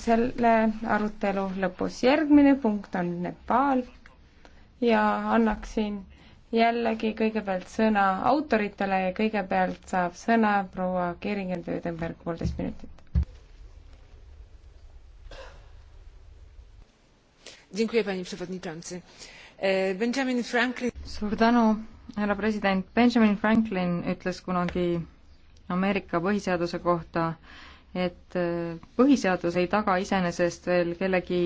selle arutelu lõpus. järgmine punkt on Nepaal ja annaksin jällegi kõigepealt sõna autoritele ja kõigepealt saab sõna proua Keringer-Tödenberg, poolteist minutit. E, suur tänu, härra president. Benjamin Franklin ütles kunagi Ameerika põhiseaduse kohta, et äh, põhiseadus ei taga iseenesest veel kellegi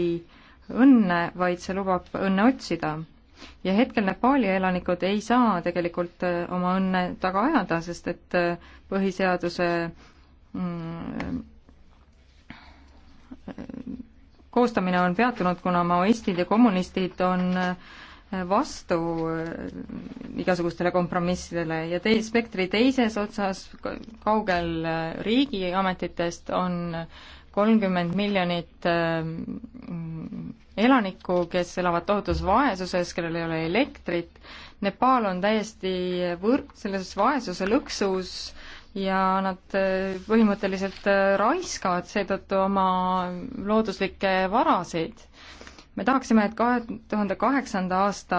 õnne, vaid see lubab õnne otsida. ja hetkel Nepaali elanikud ei saa tegelikult äh, oma õnne taga ajada, sest et äh, põhiseaduse mm, koostamine on peatunud, kuna maoistid ja kommunistid on vastu äh, igasugustele kompromissidele ja tei-, spektri teises otsas, kaugel äh, riigiametitest, on kolmkümmend miljonit äh, elanikku, kes elavad tohutus vaesuses, kellel ei ole elektrit. Nepaal on täiesti võr-, selles vaesuse lõksus ja nad põhimõtteliselt raiskavad seetõttu oma looduslikke varasid me tahaksime, et kahe tuhande kaheksanda aasta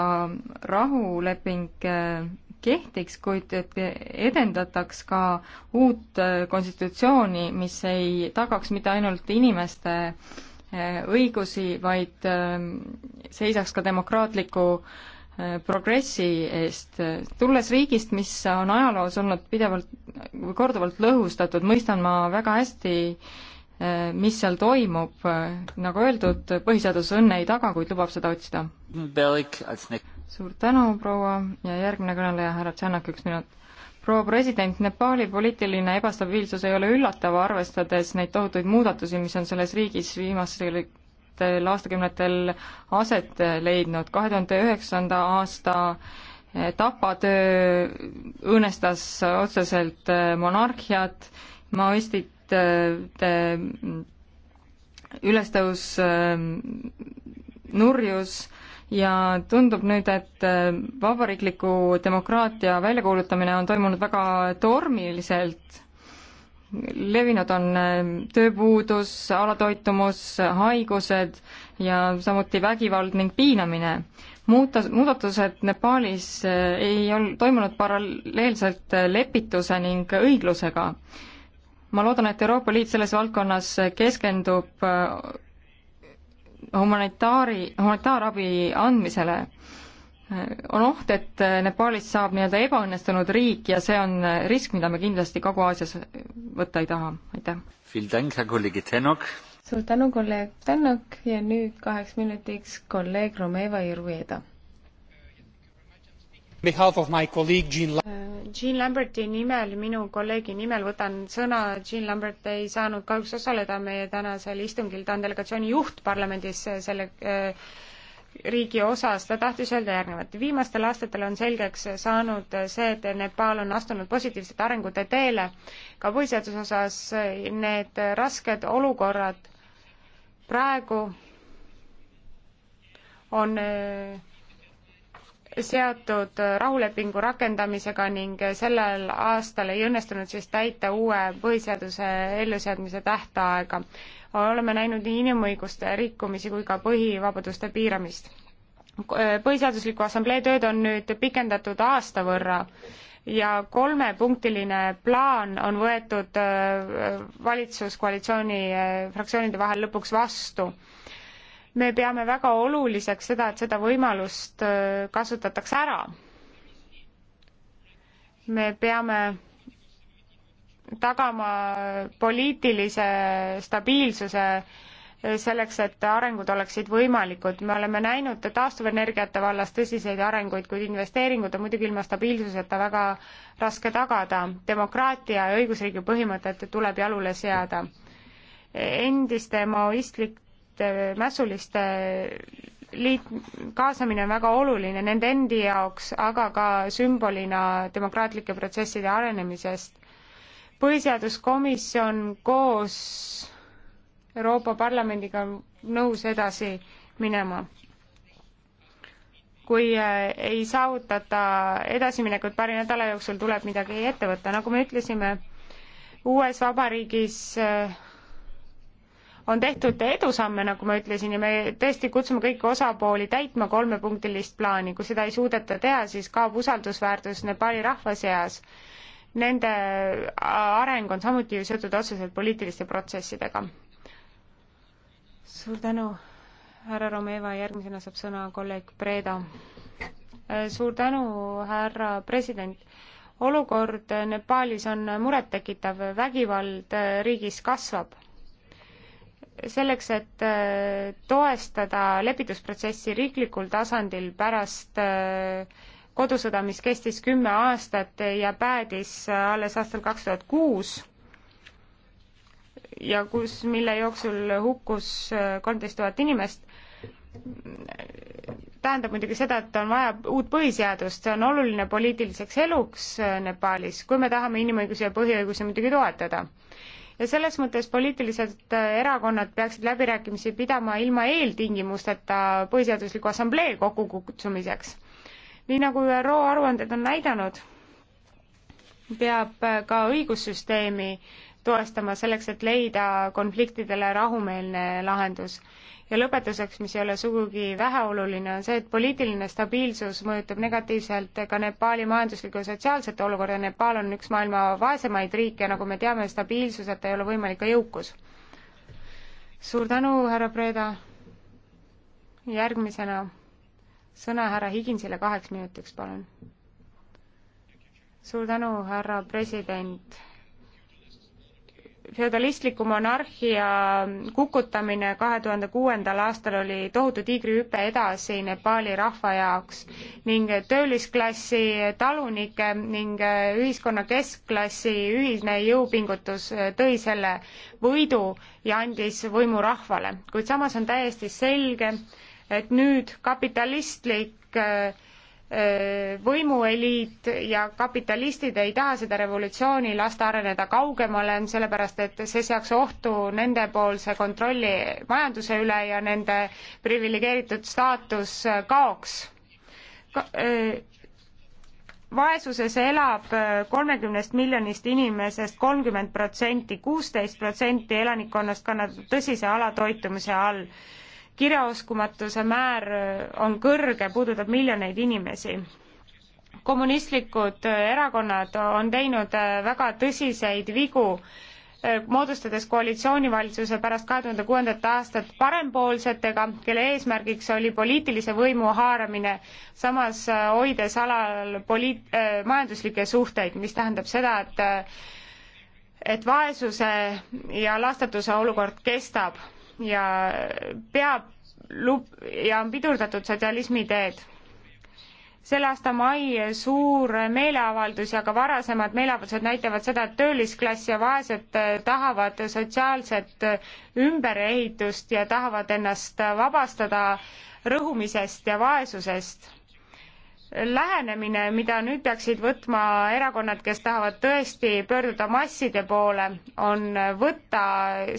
rahuleping äh, kehtiks, kuid et edendataks ka uut äh, konstitutsiooni, mis ei tagaks mitte ainult inimeste äh, õigusi, vaid seisaks ka demokraatliku progressi eest. tulles riigist, mis on ajaloos olnud pidevalt või korduvalt lõhustatud, mõistan ma väga hästi Äh, mis seal toimub, äh, nagu öeldud, põhiseadus õnne ei taga, kuid lubab seda otsida. suur tänu, proua, ja järgmine kõneleja, härra Tšannak, üks minut. proua president, Nepaali poliitiline ebastabiilsus ei ole üllatav, arvestades neid tohutuid muudatusi, mis on selles riigis viimastel aastakümnetel aset leidnud. kahe tuhande üheksanda aasta tapatöö õõnestas otseselt monarhiat, maoistid te ülestõus nurjus ja tundub nüüd, et vabariikliku demokraatia väljakuulutamine on toimunud väga tormiliselt. levinud on tööpuudus, alatoitumus, haigused ja samuti vägivald ning piinamine muutus, muudatused Nepaalis ei ol-, toimunud paralleelselt lepituse ning õiglusega ma loodan, et Euroopa Liit selles valdkonnas keskendub äh, humanitaari, humanitaarabi andmisele. Äh, on oht, et äh, Nepaalist saab nii-öelda ebaõnnestunud riik ja see on risk, mida me kindlasti Kagu-Aasias võtta ei taha, aitäh. suur tänu, kolleeg Tänok ja nüüd kaheks minutiks kolleeg Romeva Irueda Jean... Äh, Jean Lamberti nimel, minu kolleegi nimel võtan sõna. Jean Lambert ei saanud kahjuks osaleda meie tänasel istungil, ta on delegatsiooni juht parlamendis selle äh, riigi osas, ta tahtis öelda järgnevat. viimastel aastatel on selgeks saanud see, et Nepal on astunud positiivsete arengute teele. ka põhiseaduse osas need rasked olukorrad praegu on äh, seotud rahulepingu rakendamisega ning sellel aastal ei õnnestunud siis täita uue põhiseaduse elluseadmise tähtaega. oleme näinud nii inimõiguste rikkumisi kui ka põhivabaduste piiramist. põhiseadusliku assamblee tööd on nüüd pikendatud aasta võrra ja kolmepunktiline plaan on võetud äh, valitsuskoalitsiooni äh, fraktsioonide vahel lõpuks vastu me peame väga oluliseks seda, et seda võimalust äh, kasutatakse ära. me peame tagama poliitilise stabiilsuse äh, selleks, et arengud oleksid võimalikud. me oleme näinud taastuvenergiate vallas tõsiseid arenguid, kuid investeeringud on muidugi ilma stabiilsuseta väga raske tagada. demokraatia ja õigusriigi põhimõtet tuleb jalule seada. endiste maoistlik, et äh, mässuliste liit, kaasamine on väga oluline nende endi jaoks, aga ka sümbolina demokraatlike protsesside arenemisest. põhiseaduskomisjon koos Euroopa Parlamendiga on nõus edasi minema. kui äh, ei saavutata edasiminekut paari nädala jooksul, tuleb midagi ette võtta, nagu me ütlesime, uues vabariigis äh, on tehtud edusamme, nagu ma ütlesin, ja me tõesti kutsume kõiki osapooli täitma kolmepunktilist plaani, kui seda ei suudeta teha, siis kaob usaldusväärtus Nepali rahva seas. Nende areng on samuti ju seotud otseselt poliitiliste protsessidega. suur tänu, härra Romeva, järgmisena saab sõna kolleeg Breda. Äh, suur tänu, härra president olukord Nepaalis on murettekitav, vägivald äh, riigis kasvab selleks, et äh, toestada lepitusprotsessi riiklikul tasandil pärast äh, kodusõda, mis kestis kümme aastat ja päädis äh, alles aastal kaks tuhat kuus ja kus, mille jooksul hukkus kolmteist tuhat inimest, tähendab muidugi seda, et on vaja uut põhiseadust, see on oluline poliitiliseks eluks Nepaalis, kui me tahame inimõigusi ja põhiõigusi muidugi toetada ja selles mõttes poliitilised äh, erakonnad peaksid läbirääkimisi pidama ilma eeltingimusteta Põhiseadusliku Assamblee kokkukutsumiseks. nii nagu ÜRO aruanded on näidanud, peab äh, ka õigussüsteemi toestama selleks, et leida konfliktidele rahumeelne lahendus ja lõpetuseks, mis ei ole sugugi väheoluline, on see, et poliitiline stabiilsus mõjutab negatiivselt ka Nepaali majanduslikku ja sotsiaalset olukorda. Nepaal on üks maailma vaesemaid riike ja nagu me teame, stabiilsuseta ei ole võimalik ka jõukus. suur tänu, härra Preda. järgmisena sõna härra Higinsile kaheks minutiks, palun. suur tänu, härra president feodalistliku monarhia kukutamine kahe tuhande kuuendal aastal oli tohutu tiigrihüpe edasi Nepaali rahva jaoks ning töölisklassi, talunike ning ühiskonna keskklassi ühine jõupingutus tõi selle võidu ja andis võimu rahvale, kuid samas on täiesti selge, et nüüd kapitalistlik äh, Äh, võimueliit ja kapitalistid ei taha seda revolutsiooni lasta areneda kaugemale, sellepärast et see seaks ohtu nendepoolse kontrolli majanduse üle ja nende priviligeeritud staatus äh, kaoks Ka,. Äh, vaesuses elab kolmekümnest miljonist inimesest kolmkümmend protsenti, kuusteist protsenti elanikkonnast kannatab tõsise alatoitumise all kirjaoskamatuse määr äh, on kõrge, puudutab miljoneid inimesi. kommunistlikud äh, erakonnad on teinud äh, väga tõsiseid vigu, moodustades koalitsioonivalitsuse pärast kahe tuhande kuuendat aastat parempoolsetega, kelle eesmärgiks oli poliitilise võimu haaramine, samas hoides alal poliit- äh,, majanduslikke suhteid, mis tähendab seda, et et vaesuse ja lastatuse olukord kestab ja peab lub- ja on pidurdatud sotsialismi teed. selle aasta mai suur meeleavaldus ja ka varasemad meeleavaldused näitavad seda, et töölisklass ja vaesed tahavad sotsiaalset ümberehitust ja tahavad ennast vabastada rõhumisest ja vaesusest lähenemine, mida nüüd peaksid võtma erakonnad, kes tahavad tõesti pöörduda masside poole, on võtta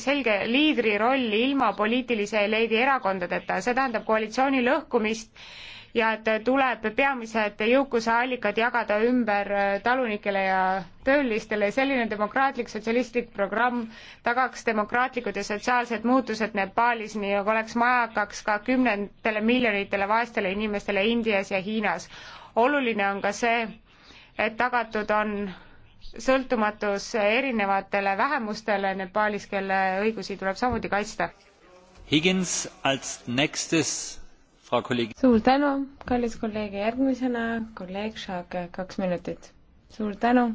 selge liidri rolli ilma poliitilise eliidi erakondadeta, see tähendab koalitsiooni lõhkumist ja et tuleb peamised jõukuse allikad jagada ümber talunikele ja töölistele ja selline demokraatlik sotsialistlik programm tagaks demokraatlikud ja sotsiaalsed muutused Nepaalis ning nagu oleks majakaks ka kümnendale miljonitele vaestele inimestele Indias ja Hiinas. oluline on ka see, et tagatud on sõltumatus erinevatele vähemustele Nepaalis, kelle õigusi tuleb samuti kaitsta. Higins als nächstes suur tänu, kallis kolleeg ja järgmisena kolleeg Šake, kaks minutit. suur tänu.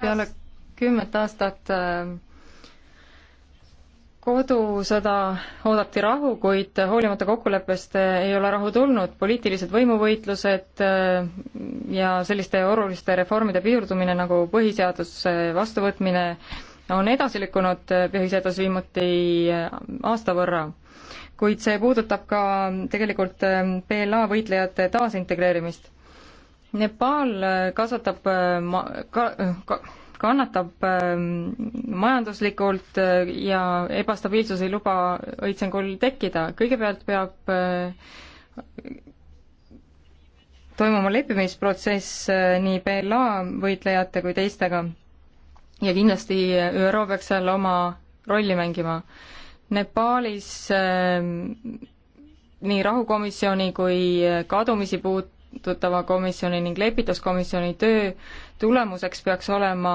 peale kümmet aastat äh, kodusõda oodati rahu, kuid hoolimata kokkuleppest äh, ei ole rahu tulnud, poliitilised võimuvõitlused äh, ja selliste oluliste reformide pidurdumine nagu põhiseaduse vastuvõtmine on edasi lükkunud, põhiseadus viimati aasta võrra kuid see puudutab ka tegelikult PLA ähm, võitlejate taasintegreerimist. Nepal äh, kasvatab äh, ma-, ka-, äh, ka-, kannatab ähm, majanduslikult ja ebastabiilsus ei luba õitsengul tekkida, kõigepealt peab toimuma leppimisprotsess nii PLA võitlejate kui teistega ja kindlasti ÜRO peaks seal oma rolli mängima Nepaalis ähm, nii rahukomisjoni kui kadumisi puudutava komisjoni ning lepituskomisjoni töö tulemuseks peaks olema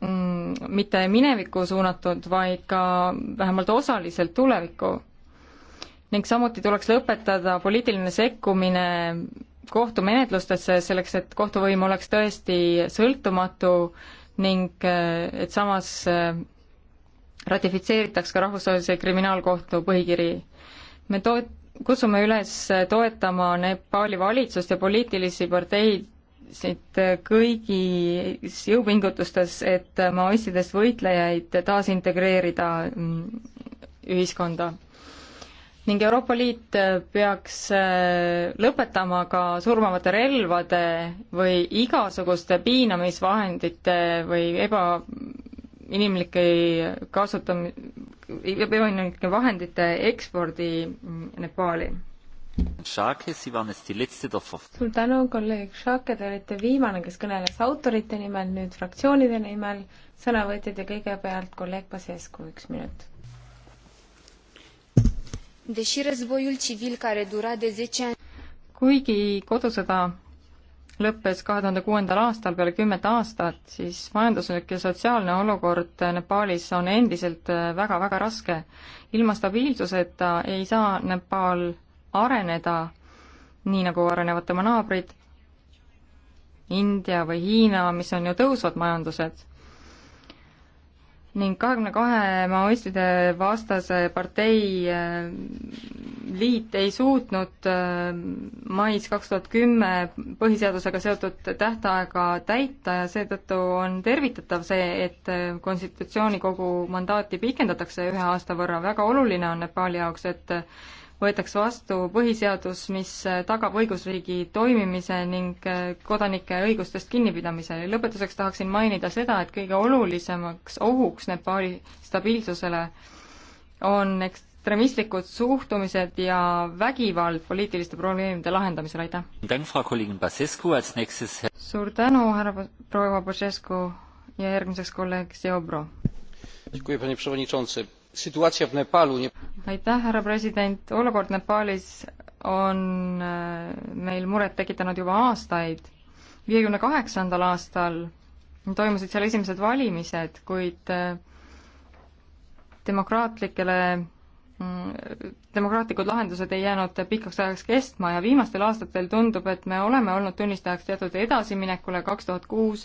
mm, mitte minevikku suunatud, vaid ka vähemalt osaliselt tulevikku. ning samuti tuleks lõpetada poliitiline sekkumine kohtumenetlustesse, selleks et kohtuvõim oleks tõesti sõltumatu ning äh, et samas äh, ratifitseeritaks ka Rahvusvahelise Kriminaalkohtu põhikiri. me to-, kutsume üles toetama Nepaali valitsust ja poliitilisi parteisid kõigis jõupingutustes, et maoistidest võitlejaid taasintegreerida mm, ühiskonda. ning Euroopa Liit peaks äh, lõpetama ka surmavate relvade või igasuguste piinamisvahendite või eba inimlike kasutam-, inimlike vahendite ekspordi Nepaali. suur tänu, kolleeg Šake, te olite viimane, kes kõneles autorite nimel, nüüd fraktsioonide nimel, sõnavõtjad ja kõigepealt kolleeg Pasescu, üks minut. kuigi kodusõda lõppes kahe tuhande kuuendal aastal peale kümmet aastat, siis majanduslik ja sotsiaalne olukord Nepaalis on endiselt äh, väga-väga raske. ilma stabiilsuseta ei saa Nepaal areneda nii, nagu arenevad tema naabrid, India või Hiina, mis on ju tõusvad majandused ning kahekümne kahe maoistide vastase partei äh, liit ei suutnud äh, mais kaks tuhat kümme põhiseadusega seotud tähtaega täita ja seetõttu on tervitatav see, et äh, konstitutsioonikogu mandaati pikendatakse ühe aasta võrra, väga oluline on Nepaali jaoks, et võetakse vastu põhiseadus, mis tagab õigusriigi toimimise ning äh, kodanike õigustest kinnipidamise. lõpetuseks tahaksin mainida seda, et kõige olulisemaks ohuks Nepali stabiilsusele on ekstremistlikud suhtumised ja vägivald poliitiliste probleemide lahendamisel, aitäh! suur tänu, härra proua Božescu ja järgmiseks kolleeg Seobro! panie przewodniczący! aitäh, härra president, olukord Nepaalis on äh, meil muret tekitanud juba aastaid. viiekümne kaheksandal aastal toimusid seal esimesed valimised, kuid äh, demokraatlikele, mm, demokraatlikud lahendused ei jäänud pikaks ajaks kestma ja viimastel aastatel tundub, et me oleme olnud tunnistajaks teatud edasiminekule kaks tuhat kuus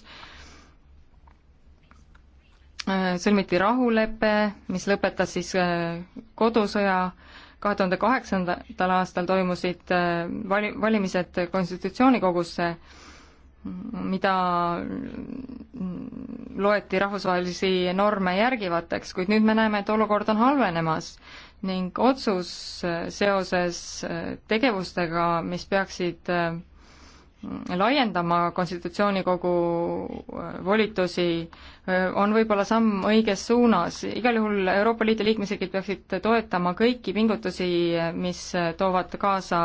sõlmiti rahulepe, mis lõpetas siis äh, kodusõja, kahe tuhande kaheksandal aastal toimusid äh, vali-, valimised konstitutsioonikogusse, mida loeti rahvusvahelisi norme järgivateks, kuid nüüd me näeme, et olukord on halvenemas ning otsus äh, seoses tegevustega, mis peaksid laiendama Konstitutsioonikogu äh, volitusi, äh, on võib-olla samm õiges suunas. igal juhul Euroopa Liidu liikmesriigid peaksid toetama kõiki pingutusi, äh, mis toovad kaasa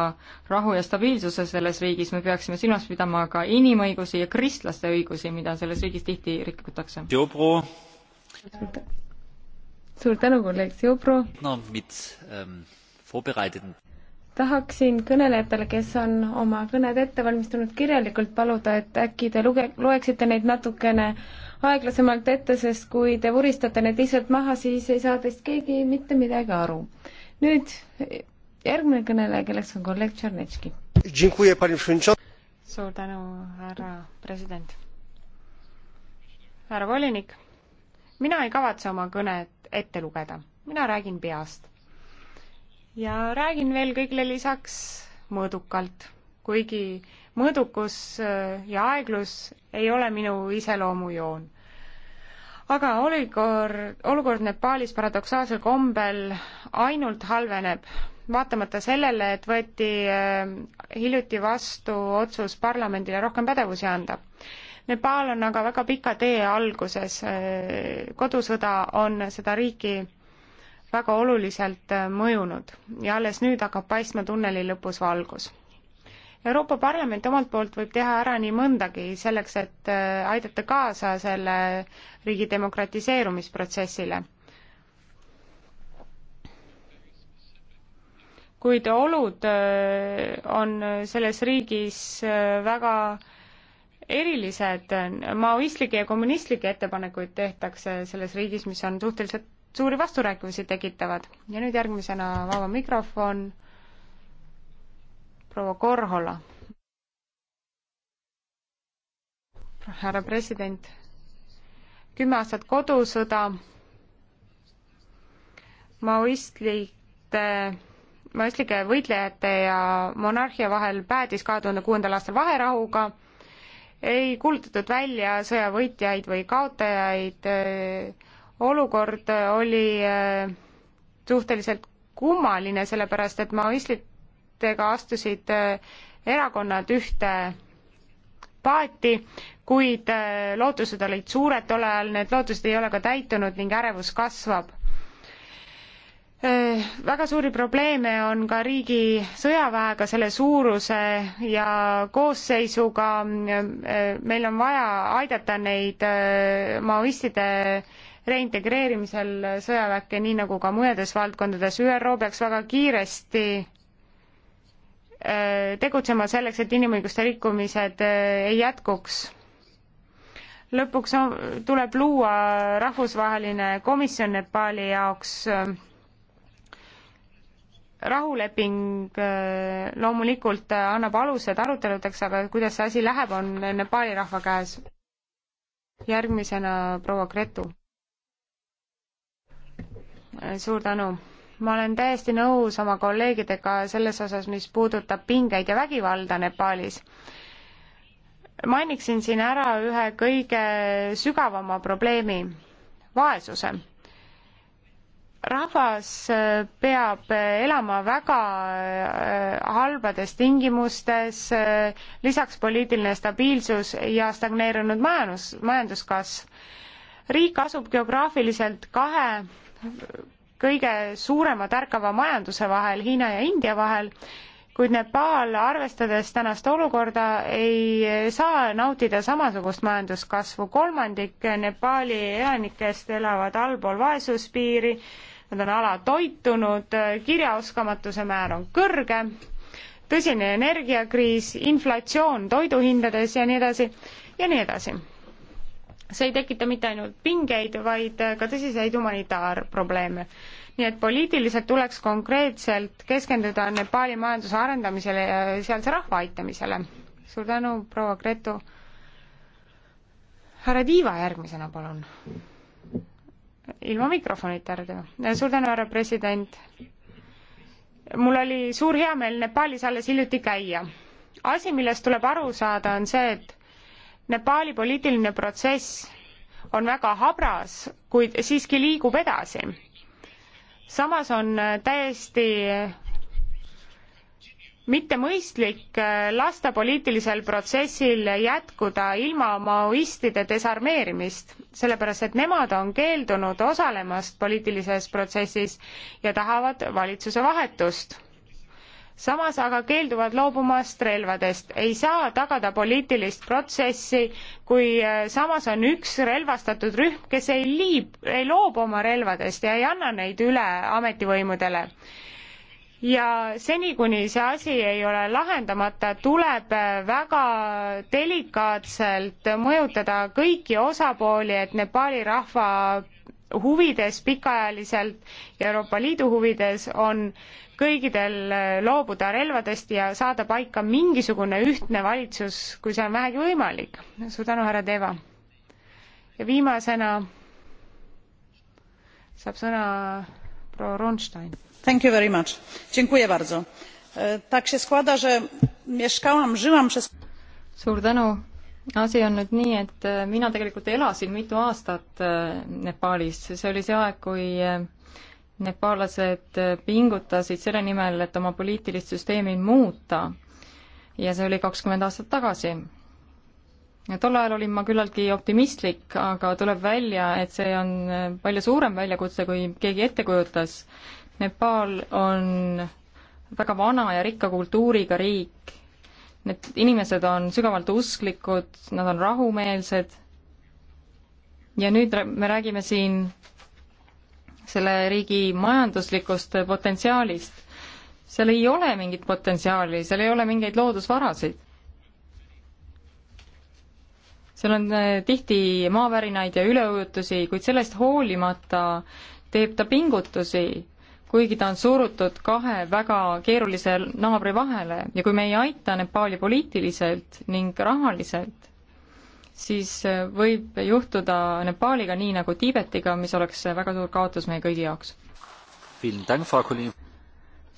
rahu ja stabiilsuse selles riigis, me peaksime silmas pidama ka inimõigusi ja kristlaste õigusi, mida selles riigis tihti rikutakse. suur tänu, kolleeg Siobro no,. Ähm, tahaksin kõnelejatele, kes on oma kõned ette valmistanud, kirjalikult paluda, et äkki te luge-, loeksite neid natukene aeglasemalt ette, sest kui te vuristate need lihtsalt maha, siis ei saa teist keegi mitte midagi aru. nüüd järgmine kõneleja, kelleks on kolleeg Tšernetški. suur tänu, härra president. härra volinik, mina ei kavatse oma kõnet ette lugeda, mina räägin peast ja räägin veel kõigile lisaks mõõdukalt, kuigi mõõdukus äh, ja aeglus ei ole minu iseloomujoon. aga olukord, olukord Nepaalis paradoksaalsel kombel ainult halveneb, vaatamata sellele, et võeti äh, hiljuti vastu otsus parlamendile rohkem pädevusi anda Nepaal on aga väga pika tee alguses, äh, kodusõda on seda riiki väga oluliselt äh, mõjunud ja alles nüüd hakkab paistma tunneli lõpus valgus. Euroopa Parlament omalt poolt võib teha ära nii mõndagi selleks, et äh, aidata kaasa selle riigi demokratiseerumisprotsessile kuid olud äh, on selles riigis väga erilised, maoistlikke ja kommunistlikke ettepanekuid tehtakse selles riigis, mis on suhteliselt suuri vasturääkivusi tekitavad. ja nüüd järgmisena vaba mikrofon, proua Korhola. härra president, kümme aastat kodusõda, maoistlite, maoistlike võitlejate ja monarhia vahel päädis kahe tuhande kuuendal aastal vaherahuga, ei kuulutatud välja sõjavõitjaid või kaotajaid, olukord oli äh, suhteliselt kummaline, sellepärast et maoistlitega astusid äh, erakonnad ühte paati, kuid äh, lootused olid suured tol ajal, need lootused ei ole ka täitunud ning ärevus kasvab väga suuri probleeme on ka riigi sõjaväega, selle suuruse ja koosseisuga. meil on vaja aidata neid maoistide reintegreerimisel sõjaväkke, nii nagu ka mujades valdkondades. ÜRO peaks väga kiiresti äh, tegutsema selleks, et inimõiguste rikkumised äh, ei jätkuks. lõpuks on, tuleb luua rahvusvaheline komisjon Nepaali jaoks äh, rahuleping loomulikult annab alused aruteludeks, aga kuidas see asi läheb, on Nepaali rahva käes. järgmisena proua Gretu suur tänu. ma olen täiesti nõus oma kolleegidega selles osas, mis puudutab pingeid ja vägivalda Nepaalis mainiksin siin ära ühe kõige sügavama probleemi, vaesuse. rahvas peab elama väga äh, halbades tingimustes, äh, lisaks poliitiline stabiilsus ja stagneerunud majandus, majanduskasv. riik asub geograafiliselt kahe kõige suurema tärkava majanduse vahel, Hiina ja India vahel, kuid Nepal, arvestades tänast olukorda, ei saa nautida samasugust majanduskasvu. kolmandik Nepali elanikest elavad allpool vaesuspiiri, nad on alatoitunud, kirjaoskamatuse määr on kõrge, tõsine energiakriis, inflatsioon toiduhindades ja nii edasi ja nii edasi see ei tekita mitte ainult pingeid, vaid ka tõsiseid humanitaarprobleeme. nii et poliitiliselt tuleks konkreetselt keskenduda Nepaali majanduse arendamisele ja sealse rahva aitamisele. suur tänu, proua Gretu. härra Tiiva järgmisena, palun. ilma mikrofonita, härra Tiiva. suur tänu, härra president. mul oli suur heameel Nepaalis alles hiljuti käia. asi, millest tuleb aru saada, on see, et Nepaali poliitiline protsess on väga habras, kuid siiski liigub edasi. samas on äh, täiesti äh, mittemõistlik äh, lasta poliitilisel protsessil jätkuda ilma maoistide desarmeerimist, sellepärast et nemad on keeldunud osalemast poliitilises protsessis ja tahavad valitsuse vahetust samas aga keelduvad loobumast relvadest. ei saa tagada poliitilist protsessi, kui äh, samas on üks relvastatud rühm, kes ei liib, ei loobu oma relvadest ja ei anna neid üle ametivõimudele. ja seni, kuni see asi ei ole lahendamata, tuleb äh, väga delikaatselt mõjutada kõiki osapooli, et Nepaali rahva huvides pikaajaliselt ja Euroopa Liidu huvides on äh, kõikidel äh, loobuda relvadest ja saada paika mingisugune ühtne valitsus, kui see on vähegi võimalik. suur tänu, härra Deva. ja viimasena saab sõna proua Ronstein. Thank you very much. Dziękuję bardzo. E, tak się składa, że mieszkałam, żyłam przez... suur tänu. asi on nüüd nii, et e, mina tegelikult elasin mitu aastat e, Nepaalis, see oli see aeg, kui nepaallased pingutasid selle nimel, et oma poliitilist süsteemi muuta ja see oli kakskümmend aastat tagasi. tol ajal olin ma küllaltki optimistlik, aga tuleb välja, et see on palju suurem väljakutse, kui keegi ette kujutas. Nepaal on väga vana ja rikka kultuuriga riik. Need inimesed on sügavalt usklikud, nad on rahumeelsed ja nüüd me räägime siin selle riigi majanduslikust potentsiaalist. seal ei ole mingit potentsiaali, seal ei ole mingeid loodusvarasid. seal on äh, tihti maavärinaid ja üleujutusi, kuid sellest hoolimata teeb ta pingutusi, kuigi ta on surutud kahe väga keerulise naabri vahele ja kui me ei aita Nepaali poliitiliselt ning rahaliselt, siis äh, võib juhtuda Nepaaliga nii nagu Tiibetiga, mis oleks väga suur kaotus meie kõigi jaoks.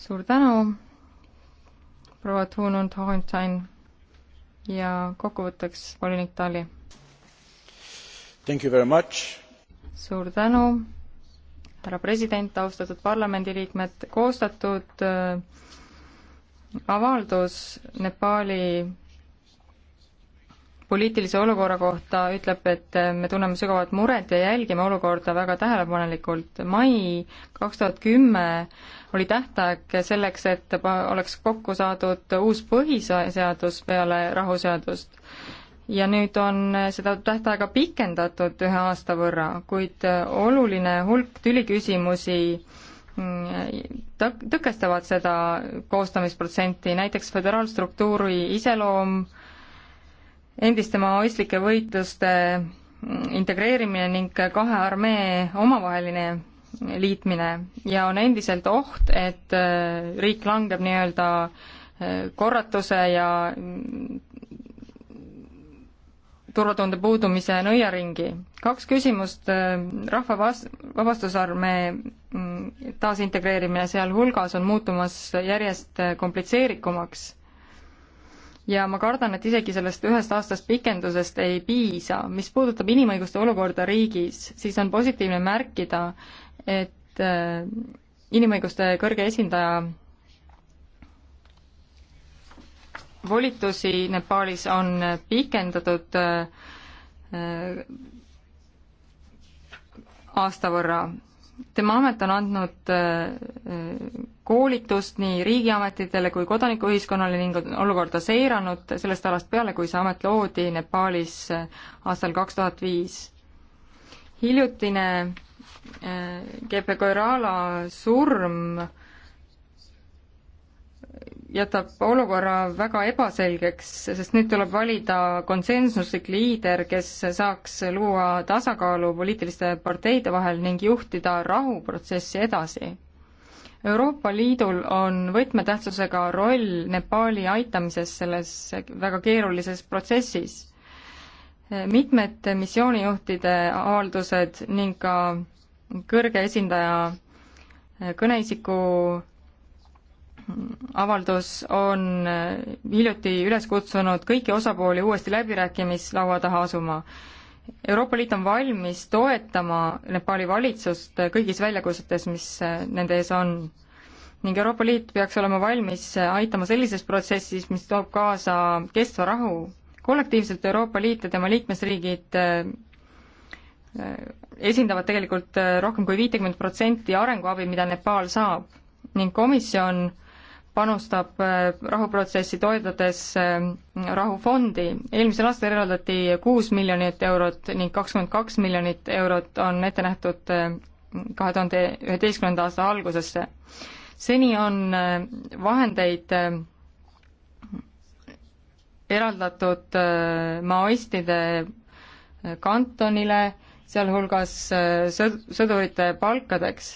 suur tänu, proua Tunund Hohenstein ja kokkuvõtteks volinik Tali. suur tänu, härra president, austatud parlamendiliikmed, koostatud äh, avaldus Nepaali poliitilise olukorra kohta ütleb, et äh, me tunneme sügavat muret ja jälgime olukorda väga tähelepanelikult. mai kaks tuhat kümme oli tähtaeg selleks, et oleks kokku saadud uus põhiseadus peale rahuseadust. ja nüüd on äh, seda tähtaega pikendatud ühe aasta võrra, kuid äh, oluline hulk tüliküsimusi mm, tõk-, tõkestavad seda koostamisprotsenti, näiteks föderaalstruktuuri iseloom, endiste maoistlike võitluste integreerimine ning kahe armee omavaheline liitmine ja on endiselt oht, et äh, riik langeb nii-öelda äh, korratuse ja mm, turvatunde puudumise nõiaringi. kaks küsimust, äh, rahva vas-, vabastusarmee mm, taasintegreerimine sealhulgas on muutumas järjest komplitseerikumaks ja ma kardan, et isegi sellest ühest aastast pikendusest ei piisa. mis puudutab inimõiguste olukorda riigis, siis on positiivne märkida, et äh, inimõiguste kõrge esindaja volitusi Nepaalis on pikendatud äh, äh, aasta võrra tema amet on andnud äh, äh, koolitust nii riigiametitele kui kodanikuühiskonnale ning on olukorda seiranud sellest alast peale, kui see amet loodi Nepaalis äh, aastal kaks tuhat viis. hiljutine Kepe Koirala surm jätab olukorra väga ebaselgeks, sest nüüd tuleb valida konsensuslik liider, kes saaks luua tasakaalu poliitiliste parteide vahel ning juhtida rahuprotsessi edasi. Euroopa Liidul on võtmetähtsusega roll Nepaali aitamises selles väga keerulises protsessis. mitmed missioonijuhtide avaldused ning ka kõrge esindaja kõneisiku avaldus on hiljuti üles kutsunud kõiki osapooli uuesti läbirääkimislaua taha asuma. Euroopa Liit on valmis toetama Nepali valitsust kõigis väljakutsetes, mis nende ees on. ning Euroopa Liit peaks olema valmis aitama sellises protsessis, mis toob kaasa kestva rahu. kollektiivselt Euroopa Liit ja tema liikmesriigid äh, esindavad tegelikult äh, rohkem kui viitekümmet protsenti arenguabi, mida Nepaal saab ning komisjon panustab äh, rahuprotsessi toetades äh, rahufondi. eelmisel aastal eraldati kuus miljonit eurot ning kakskümmend kaks miljonit eurot on ette nähtud äh, kahe tuhande üheteistkümnenda aasta algusesse. seni on vahendeid eraldatud maoistide kantonile, sealhulgas sõdurite palkadeks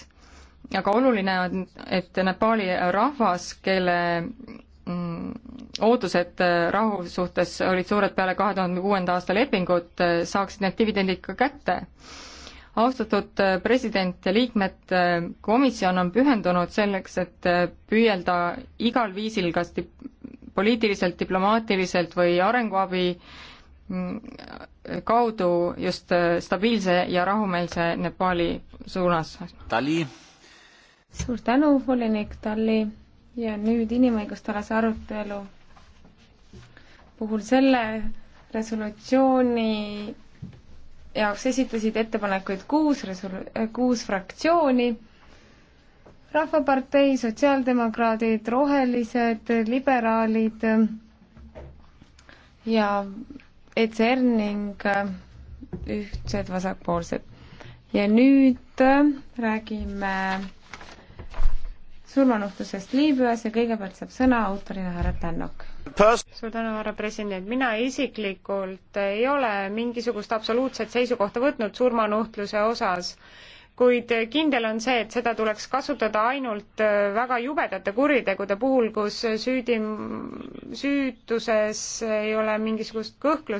aga oluline on, et Nepaali rahvas, kelle mm, ootused äh, rahu suhtes olid suured peale kahe tuhande kuuenda aasta lepingut, äh, saaksid need dividendid ka kätte. austatud äh, president ja liikmed, komisjon on pühendunud selleks, et püüelda igal viisil, kas dip-, poliitiliselt, diplomaatiliselt või arenguabi mm, kaudu just stabiilse ja rahumeelse Nepaali suunas. Tali suur tänu, volinik Talli ja nüüd inimõigustalase arutelu puhul selle resolutsiooni jaoks esitasid ettepanekuid kuus resol-, äh, kuus fraktsiooni, Rahvapartei, Sotsiaaldemokraadid, Rohelised, Liberaalid ja ECR ning äh, Ühtsed Vasakpoolsed. ja nüüd äh, räägime surmanuhtlusest Liibüas ja kõigepealt saab sõna autorina härra Tännok. suur tänu, härra president, mina isiklikult ei ole mingisugust absoluutset seisukohta võtnud surmanuhtluse osas, kuid kindel on see, et seda tuleks kasutada ainult äh, väga jubedate kuritegude puhul, kus süüdi, süütuses ei ole mingisugust kõhklust.